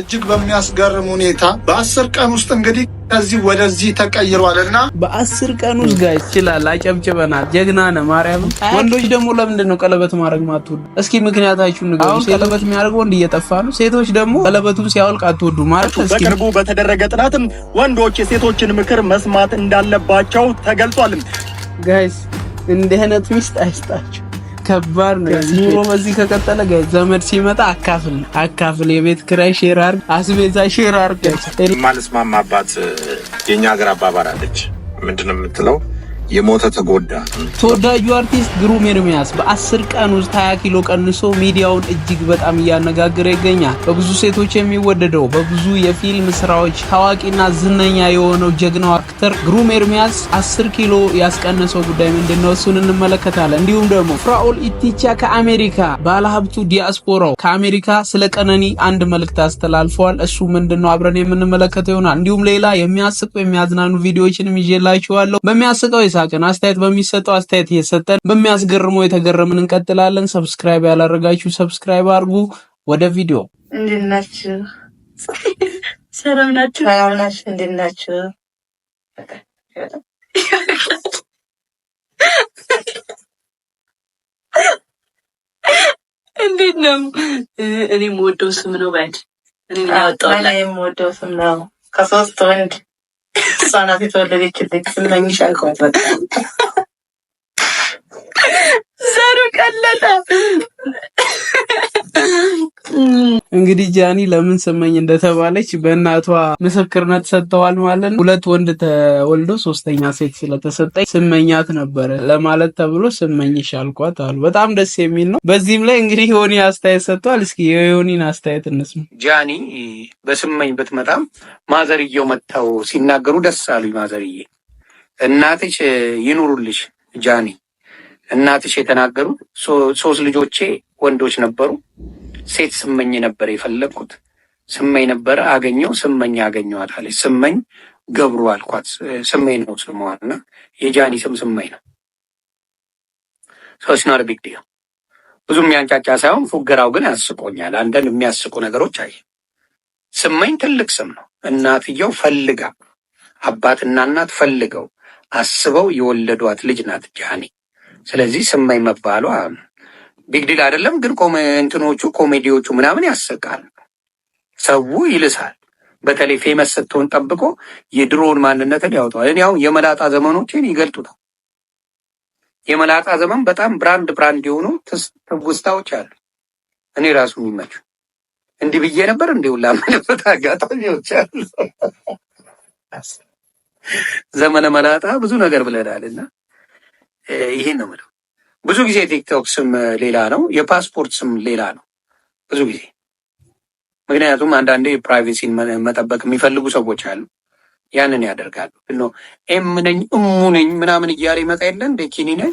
እጅግ በሚያስገርም ሁኔታ በአስር ቀን ውስጥ እንግዲህ ከዚህ ወደዚህ ተቀይሯል እና በአስር ቀን ውስጥ ጋር ይችላል። አጨብጭበናል። ጀግና ነ ማርያም። ወንዶች ደግሞ ለምንድን ነው ቀለበት ማድረግ ማትወዱ? እስኪ ምክንያታችሁ ንገሩ። ቀለበት የሚያደርግ ወንድ እየጠፋ ነው። ሴቶች ደግሞ ቀለበቱን ሲያወልቅ አትወዱ ማለት። በቅርቡ በተደረገ ጥናትም ወንዶች የሴቶችን ምክር መስማት እንዳለባቸው ተገልጿልም። ጋይስ እንዲህ አይነት ሚስት አይስጣቸው። ከባድ ነው ኑሮ። በዚህ ከቀጠለ ዘመድ ሲመጣ አካፍል አካፍል፣ የቤት ክራይ ሼር አድርግ፣ አስቤዛ ሼር አድርግ። የማልስማማባት የኛ ሀገር አባባል አለች። ምንድን ነው የምትለው? የሞተ ተጎዳ። ተወዳጁ አርቲስት ግሩም ኤርሚያስ በአስር ቀን ውስጥ 20 ኪሎ ቀንሶ ሚዲያውን እጅግ በጣም እያነጋገረ ይገኛል። በብዙ ሴቶች የሚወደደው በብዙ የፊልም ስራዎች ታዋቂና ዝነኛ የሆነው ጀግናው አክተር ግሩም ኤርሚያስ 10 ኪሎ ያስቀነሰው ጉዳይ ምንድን ነው? እሱን እንመለከታለን። እንዲሁም ደግሞ ፍራኦል ኢቲቻ ከአሜሪካ ባለሀብቱ ዲያስፖራው ከአሜሪካ ስለ ቀነኒ አንድ መልእክት አስተላልፈዋል። እሱ ምንድን ነው? አብረን የምንመለከተው ይሆናል። እንዲሁም ሌላ የሚያስቁ የሚያዝናኑ ቪዲዮዎችንም ይዤላችኋለሁ። በሚያስቀው ይሳ የሳቅን አስተያየት በሚሰጠው አስተያየት እየሰጠን በሚያስገርመው የተገረምን እንቀጥላለን። ሰብስክራይብ ያላረጋችሁ ሰብስክራይብ አድርጉ። ወደ ቪዲዮ እንደት ናችሁ? ሰላም ናችሁ? ሰላም ናችሁ? እንደት ናችሁ? እንዴት ነው? እኔ የምወደው ስም ነው ባንቺ። እኔ ያወጣሁላት የምወደው ስም ነው ከሶስት ወንድ ህጻናት የተወለደችልኝ ስመኝሽ አይቆጥበጣል ነገሩ ቀለለ። እንግዲህ ጃኒ ለምን ስመኝ እንደተባለች በእናቷ ምስክርነት ሰጥተዋል ማለት ነው። ሁለት ወንድ ተወልዶ ሶስተኛ ሴት ስለተሰጠኝ ስመኛት ነበረ ለማለት ተብሎ ስመኝሽ አልኳት አሉ። በጣም ደስ የሚል ነው። በዚህም ላይ እንግዲህ ዮኒ አስተያየት ሰጥቷል። እስኪ የዮኒን አስተያየት እንስማ። ጃኒ በስመኝ ብትመጣም ማዘርየው መጥተው ሲናገሩ ደስ አሉኝ። ማዘርዬ እናትሽ ይኑሩልሽ ጃኒ እናትሽ የተናገሩት ሶስት ልጆቼ ወንዶች ነበሩ። ሴት ስመኝ ነበር የፈለግኩት ስመኝ ነበረ አገኘው ስመኝ አገኘዋት አለች። ስመኝ ገብሩ አልኳት። ስመኝ ነው ስመዋል እና የጃኒ ስም ስመኝ ነው። ሰው ቢግ ዲል ብዙም የሚያንጫጫ ሳይሆን ፉገራው ግን ያስቆኛል። አንዳንድ የሚያስቁ ነገሮች አይ ስመኝ ትልቅ ስም ነው። እናትየው ፈልጋ አባትና እናት ፈልገው አስበው የወለዷት ልጅ ናት ጃኒ ስለዚህ ስማኝ መባሏ ቢግድል አይደለም፣ ግን እንትኖቹ ኮሜዲዎቹ ምናምን ያሰቃል፣ ሰው ይልሳል። በተለይ ፌመስ ስትሆን ጠብቆ የድሮውን ማንነትን ያወጣዋል። እኔ አሁን የመላጣ ዘመኖችን ይገልጡታል። የመላጣ ዘመን በጣም ብራንድ ብራንድ የሆኑ ትውስታዎች አሉ። እኔ ራሱ የሚመች እንዲህ ብዬ ነበር እንዲሁ ላመለበት አጋጣሚዎች አሉ። ዘመነ መላጣ ብዙ ነገር ብለናል እና ይሄን ነው የምለው። ብዙ ጊዜ የቲክቶክ ስም ሌላ ነው፣ የፓስፖርት ስም ሌላ ነው ብዙ ጊዜ። ምክንያቱም አንዳንዴ ፕራይቬሲን መጠበቅ የሚፈልጉ ሰዎች አሉ፣ ያንን ያደርጋሉ። ኤም ነኝ እሙ ነኝ ምናምን እያለ ይመጣ የለን ኪኒ ነኝ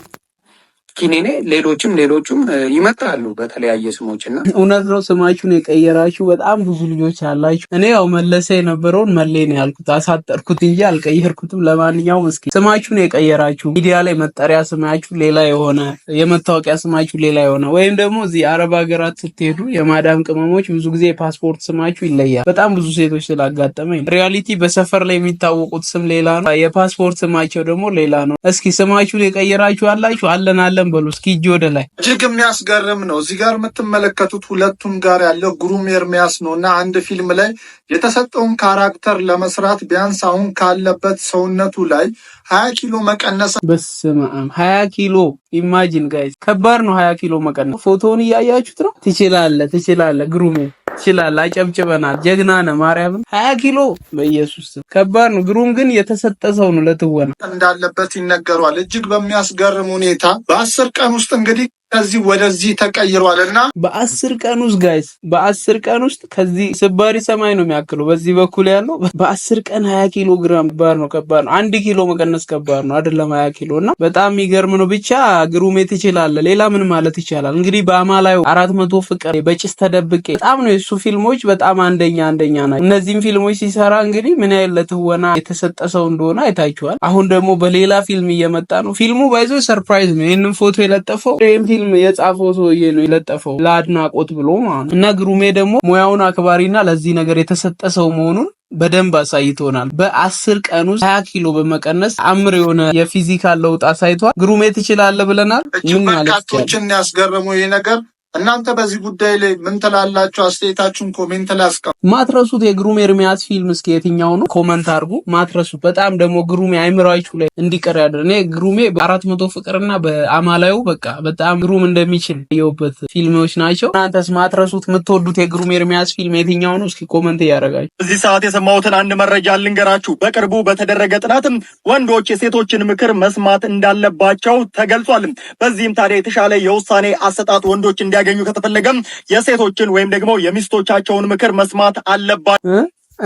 ኪኔኔ ሌሎችም ሌሎችም ይመጣሉ በተለያየ ስሞች እና እውነት ነው። ስማችሁን የቀየራችሁ በጣም ብዙ ልጆች ያላችሁ፣ እኔ ያው መለሰ የነበረውን መሌ ነው ያልኩት፣ አሳጠርኩት እንጂ አልቀየርኩትም። ለማንኛውም እስኪ ስማችሁን የቀየራችሁ ሚዲያ ላይ መጠሪያ ስማችሁ ሌላ የሆነ የመታወቂያ ስማችሁ ሌላ የሆነ ወይም ደግሞ እዚህ አረብ ሀገራት ስትሄዱ የማዳም ቅመሞች ብዙ ጊዜ የፓስፖርት ስማችሁ ይለያል። በጣም ብዙ ሴቶች ስላጋጠመኝ ሪያሊቲ በሰፈር ላይ የሚታወቁት ስም ሌላ ነው፣ የፓስፖርት ስማቸው ደግሞ ሌላ ነው። እስኪ ስማችሁን የቀየራችሁ አላችሁ አለን አለን የለም በሉ እስኪ እጅ ወደ ላይ። እጅግ የሚያስገርም ነው። እዚህ ጋር የምትመለከቱት ሁለቱም ጋር ያለው ግሩም ኤርሚያስ ነው እና አንድ ፊልም ላይ የተሰጠውን ካራክተር ለመስራት ቢያንስ አሁን ካለበት ሰውነቱ ላይ ሀያ ኪሎ መቀነስ። በስመ አብ ሀያ ኪሎ ኢማጂን ጋይዝ፣ ከባድ ነው ሀያ ኪሎ መቀነስ። ፎቶውን እያያችሁት ነው። ትችላለ፣ ትችላለ ግሩሜ ይችላል። አጨብጭበናል። ጀግና ነህ። ማርያምን ሀያ ኪሎ በኢየሱስ ከባድ ነው። ግሩም ግን የተሰጠ ሰው ነው ለትወና እንዳለበት ይነገሯል። እጅግ በሚያስገርም ሁኔታ በአስር ቀን ውስጥ እንግዲህ ከዚህ ወደዚህ ተቀይሯል እና በአስር ቀን ውስጥ ጋይስ በአስር ቀን ውስጥ ከዚህ ስባሪ ሰማይ ነው የሚያክለው በዚህ በኩል ያለው በአስር ቀን ሀያ ኪሎ ግራም ባር ነው ከባድ ነው። አንድ ኪሎ መቀነስ ከባድ ነው አይደለም ሀያ ኪሎ እና በጣም የሚገርም ነው። ብቻ ግሩሜ ትችላለህ። ሌላ ምን ማለት ይቻላል? እንግዲህ በአማላዩ አራት መቶ ፍቅር፣ በጭስ ተደብቄ በጣም ነው የሱ ፊልሞች በጣም አንደኛ አንደኛ ናቸው። እነዚህም ፊልሞች ሲሰራ እንግዲህ ምን ያህል ለትወና የተሰጠ ሰው እንደሆነ አይታችኋል። አሁን ደግሞ በሌላ ፊልም እየመጣ ነው። ፊልሙ ባይዞ ሰርፕራይዝ ነው። ይህንን ፎቶ የለጠፈው ፊልም የጻፈው ሰውዬ ነው የለጠፈው ለአድናቆት ብሎ ማለት ነው። እና ግሩሜ ደግሞ ሙያውን አክባሪና ለዚህ ነገር የተሰጠ ሰው መሆኑን በደንብ አሳይቶናል። በአስር ቀን ውስጥ ሀያ ኪሎ በመቀነስ አምር የሆነ የፊዚካል ለውጥ አሳይቷል። ግሩሜ ትችላለ ብለናል። ምን ማለት ነው? ያስገረመው ይህ ነገር እናንተ በዚህ ጉዳይ ላይ ምን ትላላችሁ? አስተያየታችሁን ኮሜንት ላይ አስቀምጡ። ማትረሱት የግሩም ኤርሚያስ ፊልም እስኪ የትኛው ነው? ኮመንት አድርጉ። ማትረሱት በጣም ደግሞ ግሩሜ አይምራችሁ ላይ እንዲቀር ያደረ እኔ ግሩሜ በአራት መቶ ፍቅርና በአማላዩ በቃ በጣም ግሩም እንደሚችል የውበት ፊልሞች ናቸው። እናንተስ ማትረሱት የምትወዱት የግሩም ኤርሚያስ ፊልም የትኛው ነው? እስኪ ኮመንት እያደረጋችሁ እዚህ ሰዓት የሰማሁትን አንድ መረጃ ልንገራችሁ። በቅርቡ በተደረገ ጥናትም ወንዶች የሴቶችን ምክር መስማት እንዳለባቸው ተገልጿል። በዚህም ታዲያ የተሻለ የውሳኔ አሰጣጥ ወንዶች እንዲያ እንዲያገኙ ከተፈለገም የሴቶችን ወይም ደግሞ የሚስቶቻቸውን ምክር መስማት አለባት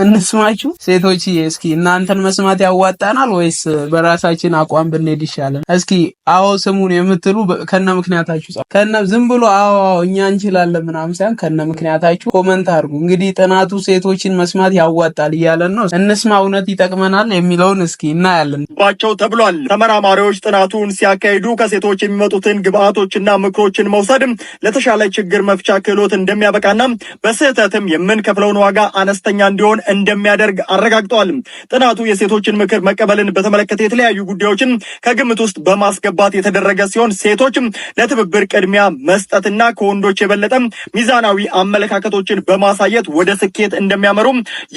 እንስማችሁ ሴቶች፣ እስኪ እናንተን መስማት ያዋጣናል ወይስ በራሳችን አቋም ብንሄድ ይሻላል? እስኪ አዎ ስሙን የምትሉ ከነ ምክንያታችሁ ከነ ዝም ብሎ አዎ እኛ እንችላለን ምናም ሳይሆን ከነ ምክንያታችሁ ኮመንት አድርጉ። እንግዲህ ጥናቱ ሴቶችን መስማት ያዋጣል እያለን ነው። እንስማ እውነት ይጠቅመናል የሚለውን እስኪ እናያለን ባቸው ተብሏል። ተመራማሪዎች ጥናቱን ሲያካሂዱ ከሴቶች የሚመጡትን ግብአቶችና ምክሮችን መውሰድ ለተሻለ ችግር መፍቻ ክህሎት እንደሚያበቃና በስህተትም የምንከፍለውን ዋጋ አነስተኛ እንዲሆን እንደሚያደርግ አረጋግጠዋል። ጥናቱ የሴቶችን ምክር መቀበልን በተመለከተ የተለያዩ ጉዳዮችን ከግምት ውስጥ በማስገባት የተደረገ ሲሆን ሴቶችም ለትብብር ቅድሚያ መስጠትና ከወንዶች የበለጠ ሚዛናዊ አመለካከቶችን በማሳየት ወደ ስኬት እንደሚያመሩ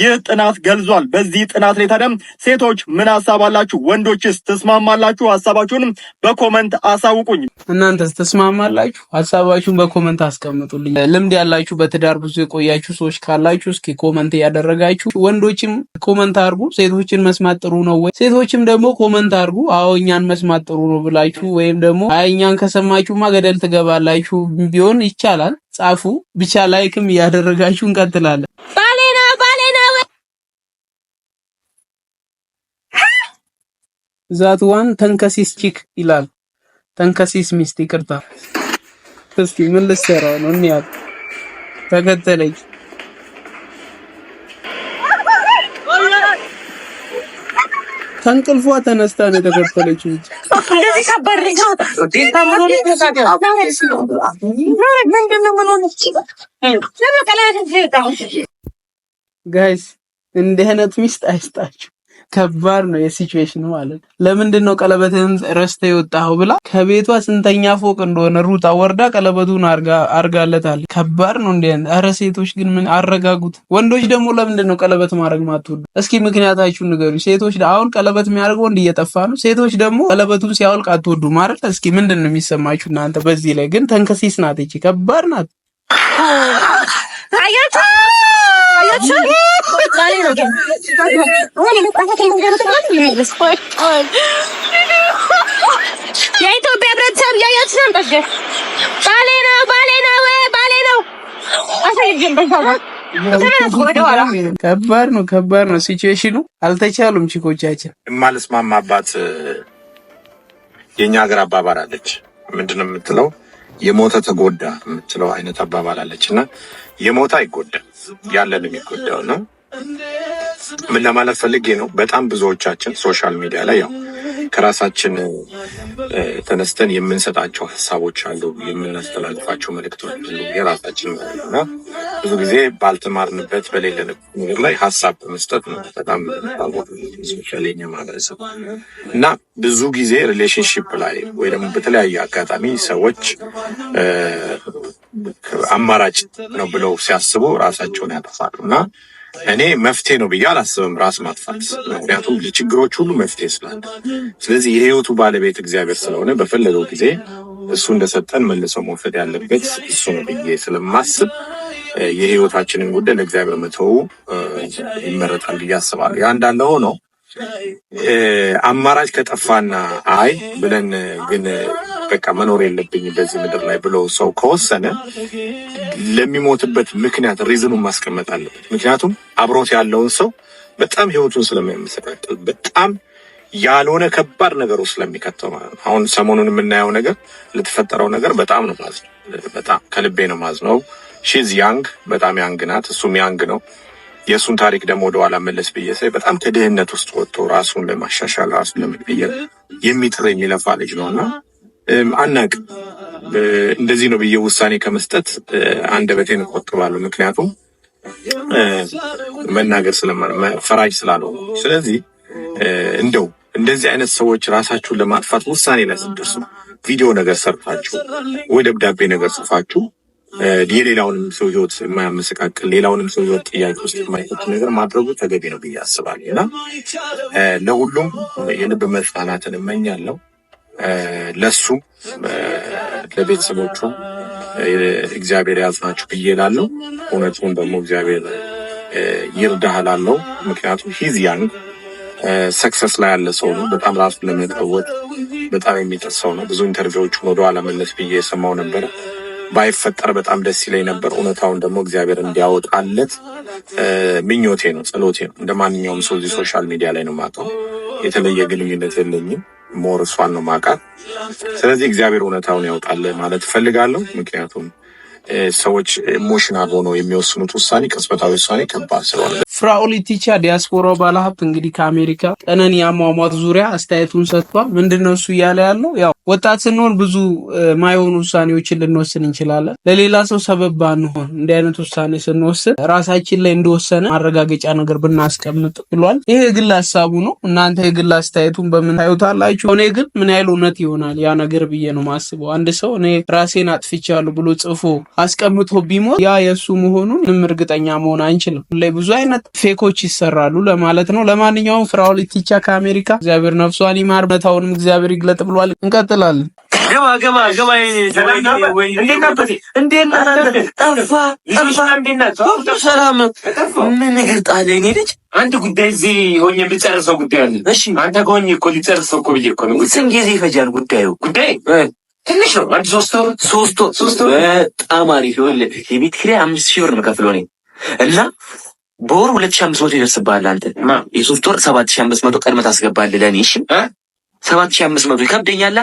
ይህ ጥናት ገልጿል። በዚህ ጥናት ላይ ታዲያ ሴቶች ምን ሀሳብ አላችሁ? ወንዶችስ ትስማማላችሁ? ሀሳባችሁን በኮመንት አሳውቁኝ። እናንተስ ትስማማላችሁ? ሀሳባችሁን በኮመንት አስቀምጡልኝ። ልምድ ያላችሁ በትዳር ብዙ የቆያችሁ ሰዎች ካላችሁ እስኪ ኮመንት እያደረጋችሁ ያላችሁ ወንዶችም ኮመንት አድርጉ። ሴቶችን መስማት ጥሩ ነው ወይ? ሴቶችም ደግሞ ኮመንት አድርጉ። አዎ እኛን መስማት ጥሩ ነው ብላችሁ ወይም ደግሞ አይ እኛን ከሰማችሁማ ገደል ትገባላችሁ ቢሆን ይቻላል ጻፉ። ብቻ ላይክም እያደረጋችሁ እንቀጥላለን። ባሌና ባሌና ዛት ዋን ተንከሲስ ቺክ ይላል። ተንከሲስ ሚስት ይቅርታ። እስኪ ምን ልሰራው ነው? እኔ ተከተለኝ ከእንቅልፏ ተነስታ ነው የተከፈለችው እንጂ ጋይስ እንዲህ አይነት ሚስት አይስጣችሁ። ከባድ ነው የሲቹዌሽን ማለት። ለምንድን ነው ቀለበትህን ረስተ የወጣኸው ብላ ከቤቷ ስንተኛ ፎቅ እንደሆነ ሩጣ ወርዳ ቀለበቱን አርጋለታል። ከባድ ነው እንዲ። ኧረ ሴቶች ግን ምን አረጋጉት። ወንዶች ደግሞ ለምንድን ነው ቀለበት ማድረግ ማትወዱ? እስኪ ምክንያታችሁ ንገሩ። ሴቶች አሁን ቀለበት የሚያደርገው ወንድ እየጠፋ ነው። ሴቶች ደግሞ ቀለበቱን ሲያወልቅ አትወዱ ማለት። እስኪ ምንድን ነው የሚሰማችሁ እናንተ? በዚህ ላይ ግን ተንከሲስ ናት ይቺ፣ ከባድ ናት። የኢትዮጵያ ህብረተሰብ እያያችሁ ነበር። ባሌ ነው፣ ባሌ ነው፣ ባሌ ነው። ከባድ ነው፣ ከባድ ነው ሲቹዌሽኑ። አልተቻሉም ቺኮቻችን። የማልስማማባት የእኛ ሀገር አባባል አለች። ምንድን ነው የምትለው? የሞተ ተጎዳ የምትለው አይነት አባባል አለች እና የሞተ አይጎዳም ያለንም ይጎዳው ነው ምን ለማለት ፈልጌ ነው? በጣም ብዙዎቻችን ሶሻል ሚዲያ ላይ ያው ከራሳችን ተነስተን የምንሰጣቸው ሀሳቦች አሉ፣ የምናስተላልፋቸው መልእክቶች አሉ፣ የራሳችን እና ብዙ ጊዜ ባልተማርንበት በሌለ ነገር ላይ ሀሳብ በመስጠት ነው። በጣም ሶሻሌኛ ማህበረሰብ እና ብዙ ጊዜ ሪሌሽንሽፕ ላይ ወይ ደግሞ በተለያዩ አጋጣሚ ሰዎች አማራጭ ነው ብለው ሲያስቡ ራሳቸውን ያጠፋሉ እና እኔ መፍትሄ ነው ብዬ አላስብም ራስ ማጥፋት። ምክንያቱም ለችግሮች ሁሉ መፍትሄ ስላለ፣ ስለዚህ የህይወቱ ባለቤት እግዚአብሔር ስለሆነ በፈለገው ጊዜ እሱ እንደሰጠን መልሰው መውሰድ ያለበት እሱ ነው ብዬ ስለማስብ የህይወታችንን ጉዳይ ለእግዚአብሔር መተው ይመረጣል ብዬ አስባለሁ። ያ እንዳለ ሆኖ አማራጭ ከጠፋና አይ ብለን ግን በቃ መኖር የለብኝም በዚህ ምድር ላይ ብሎ ሰው ከወሰነ ለሚሞትበት ምክንያት ሪዝኑን ማስቀመጥ አለበት። ምክንያቱም አብሮት ያለውን ሰው በጣም ህይወቱን ስለሚያመሰቃቅል በጣም ያልሆነ ከባድ ነገር ውስጥ ስለሚከተው ማለት ነው። አሁን ሰሞኑን የምናየው ነገር ለተፈጠረው ነገር በጣም ነው ማዝ በጣም ከልቤ ነው ማዝ ነው። ሺዝ ያንግ በጣም ያንግ ናት፣ እሱም ያንግ ነው። የእሱን ታሪክ ደግሞ ወደኋላ መለስ ብዬ ሳይ በጣም ከድህነት ውስጥ ወጥቶ ራሱን ለማሻሻል ራሱን ለመቀየር የሚጥር የሚለፋ ልጅ ነው እና አናቅ እንደዚህ ነው ብዬ ውሳኔ ከመስጠት አንደበቴን እቆጥባለሁ። ምክንያቱም መናገር ፈራጅ ስላለው። ስለዚህ እንደው እንደዚህ አይነት ሰዎች ራሳችሁን ለማጥፋት ውሳኔ ላይ ስትደርሱ ቪዲዮ ነገር ሰርፋችሁ ወይ ደብዳቤ ነገር ጽፋችሁ የሌላውንም ሰው ህይወት የማያመሰቃቅል ሌላውንም ሰው ህይወት ጥያቄ ውስጥ የማይከት ነገር ማድረጉ ተገቢ ነው ብዬ አስባለሁ እና ለሁሉም የልብ መጽናናትን እመኛለሁ። ለሱ ለቤተሰቦቹ እግዚአብሔር ያዝናቸው ብዬ ላለው እውነቱን ደግሞ እግዚአብሔር ይርዳህ እላለሁ። ምክንያቱም ሂዝ ያንግ ሰክሰስ ላይ ያለ ሰው ነው። በጣም ራሱን ለመጠወጥ በጣም የሚጥር ሰው ነው። ብዙ ኢንተርቪዎቹን ወደኋላ መለስ ብዬ የሰማው ነበረ። ባይፈጠር በጣም ደስ ይለኝ ነበር። እውነታውን ደግሞ እግዚአብሔር እንዲያወጣለት ምኞቴ ነው፣ ጸሎቴ ነው። እንደ ማንኛውም ሰው እዚህ ሶሻል ሚዲያ ላይ ነው የማውቀው። የተለየ ግንኙነት የለኝም። ሞር እሷን ነው ማውቃት። ስለዚህ እግዚአብሔር እውነታውን ያውጣል ማለት እፈልጋለሁ። ምክንያቱም ሰዎች ኢሞሽናል ሆነው የሚወስኑት ውሳኔ፣ ቅጽበታዊ ውሳኔ ከባድ ስለሆነ ፍራኦል ኢቲቻ ዲያስፖራ ባለሀብት እንግዲህ ከአሜሪካ ቀነኒ አሟሟት ዙሪያ አስተያየቱን ሰጥቷል። ነው እሱ እያለ ያለው? ያው ወጣት ስንሆን ብዙ ማይሆኑ ውሳኔዎችን ልንወስን እንችላለን። ለሌላ ሰው ሰበብ ባንሆን እንዲህ አይነት ውሳኔ ስንወስን ራሳችን ላይ እንደወሰነ ማረጋገጫ ነገር ብናስቀምጥ ብሏል። ይህ የግል ሀሳቡ ነው። እናንተ የግል አስተያየቱን በምን ታዩታላችሁ? እኔ ግን ምን ያህል እውነት ይሆናል ያ ነገር ብዬ ነው ማስበው። አንድ ሰው እኔ ራሴን አጥፍቻለሁ ብሎ ጽፎ አስቀምጦ ቢሞት ያ የእሱ መሆኑን ምንም እርግጠኛ መሆን አንችልም። ላይ ብዙ አይነት ፌኮች ይሰራሉ ለማለት ነው። ለማንኛውም ፍራው ኢቲቻ ከአሜሪካ እግዚአብሔር ነፍሷን ይማር፣ መታውንም እግዚአብሔር ይግለጥ ብሏል። እንቀጥላለን። ገባ ገባ ገባ ሰላም ምን ነገር ጣለ እኔ ልጅ አንድ ጉዳይ እዚህ ሆኜ የምጨርሰው ጉዳይ አለ እሺ አንተ ከሆኜ እኮ ሊጨርሰው እኮ ብዬ እኮ ነው ስንት ጊዜ ይፈጃል ጉዳዩ ጉዳይ ትንሽ ነው አንድ ሶስት ወር ሶስት ወር በጣም አሪፍ ይኸውልህ የቤት ኪራይ አምስት ሺህ ብር ነው ከፍሎ እኔ እና በወር ሁለት ሺ አምስት መቶ ይደርስብሃል። አንተ የሶስት ወር ሰባት ሺ አምስት መቶ ቀድመህ ታስገባለህ። ለእኔ እሺ፣ ሰባት ሺ አምስት መቶ ይከብደኛላ።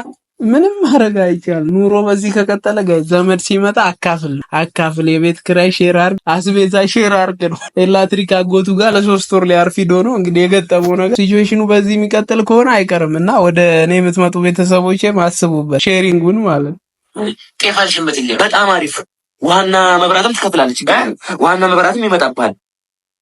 ምንም ማድረግ አይቻልም። ኑሮ በዚህ ከቀጠለ ዘመድ ሲመጣ አካፍል አካፍል፣ የቤት ክራይ ሼር አርግ፣ አስቤዛ ሼር አርግ ነው። ኤሌክትሪክ አጎቱ ጋር ለሶስት ወር ሊያርፍ ሂዶ ነው እንግዲህ የገጠመው ነገር። ሲቹዌሽኑ በዚህ የሚቀጥል ከሆነ አይቀርም እና ወደ እኔ የምትመጡ ቤተሰቦች አስቡበት፣ ሼሪንጉን ማለት ነው። ጤፋን በጣም አሪፍ ዋና መብራትም ትከፍላለች። ዋና መብራትም ይመጣብሃል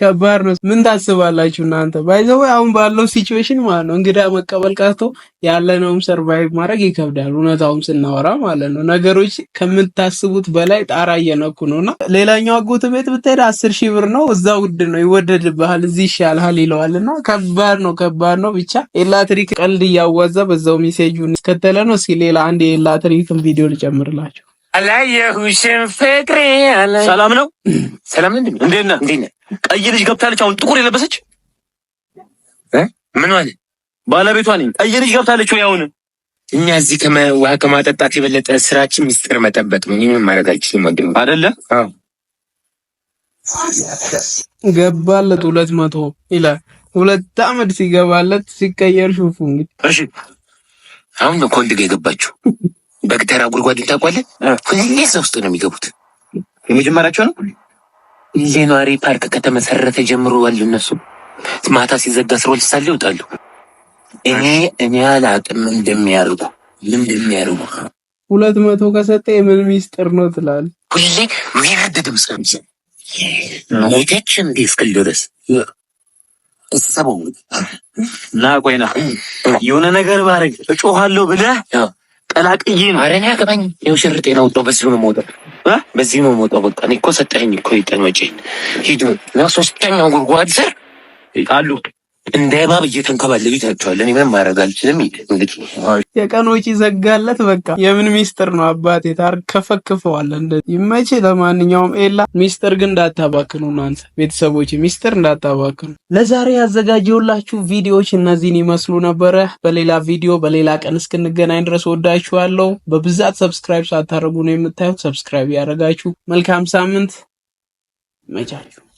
ከባድ ነው። ምን ታስባላችሁ እናንተ? ባይዘው አሁን ባለው ሲቹዌሽን ማለት ነው እንግዳ መቀበል ቀርቶ ያለነውም ሰርቫይቭ ማድረግ ይከብዳል። እውነታውም ስናወራ ማለት ነው ነገሮች ከምታስቡት በላይ ጣራ እየነኩ ነው። እና ሌላኛው አጎት ቤት ብትሄድ አስር ሺህ ብር ነው። እዛ ውድ ነው ይወደድብሃል፣ እዚህ ይሻልሃል ይለዋል። እና ከባድ ነው ከባድ ነው። ብቻ ኤላትሪክ ቀልድ እያዋዛ በዛው ሜሴጁን ስከተለ ነው። እስኪ ሌላ አንድ የኤላትሪክን ቪዲዮ ልጨምርላችሁ። አላየሁሽም ፍቅሬ። ሰላም ነው? ሰላም ነው። እንዴት ነህ? ቀይ ልጅ ገብታለች። አሁን ጥቁር የለበሰች ምን ማለት ባለቤቷ ነኝ። ቀይ ልጅ ገብታለች ወይ? አሁን እኛ እዚህ ውሃ ከማጠጣት የበለጠ ስራችን ሚስጥር መጠበቅ ነው። ምን ማድረግ አልችልም። ወንድ አይደለ? ገባለት። ሁለት መቶ ይላል። ሁለት አመት ሲገባለት ሲቀየር ሹፉ። እንግዲህ እሺ፣ አሁን ነው ከወንድ ጋር የገባችው በግተራ ጉድጓድ ታውቋለህ? ሁሌ እዛ ውስጥ ነው የሚገቡት። የመጀመሪያቸው ነው። ሌኗሪ ፓርክ ከተመሰረተ ጀምሮ ያሉ እነሱ ማታ ሲዘጋ ስራ ሳለ ይወጣሉ። እኔ እኔ አላቅም እንደሚያርጉ ምን እንደሚያርጉ ሁለት መቶ ከሰጠ የምን ሚስጥር ነው ትላል። ሁሌ ዊርድ ድምፅ ሞቶች እንዲ እስክል ድረስ እሰበው እና ቆይና የሆነ ነገር ባረግ እጮሃለሁ ብለህ ቀላቅዬ ነው። ኧረ እኔ አገባኝ ነው ሽርጤ ነው ወጣው። በዚህ ነው የምወጣው፣ በዚህ ነው የምወጣው። በቃ እኔ እኮ ሰጠኸኝ እኮ ይጠን ወጪ ሂዱ ሶስተኛው ጉድጓድ ስር አሉ እንደ እባብ እየተንከባለሉ ይታቸዋል። እኔ ምንም ማድረግ አልችልም። የቀን ወጪ ዘጋለት። በቃ የምን ሚስጥር ነው አባቴ? ከፈክፈዋል። እንደ ይመች። ለማንኛውም ኤላ ሚስጥር ግን እንዳታባክኑ እናንተ ቤተሰቦች፣ ሚስጥር እንዳታባክኑ። ለዛሬ ያዘጋጀውላችሁ ቪዲዮዎች እነዚህን ይመስሉ ነበረ። በሌላ ቪዲዮ በሌላ ቀን እስክንገናኝ ድረስ ወዳችኋለሁ። በብዛት ሰብስክራይብ ሳታደርጉ ነው የምታዩት። ሰብስክራይብ ያደረጋችሁ መልካም ሳምንት መቻችሁ።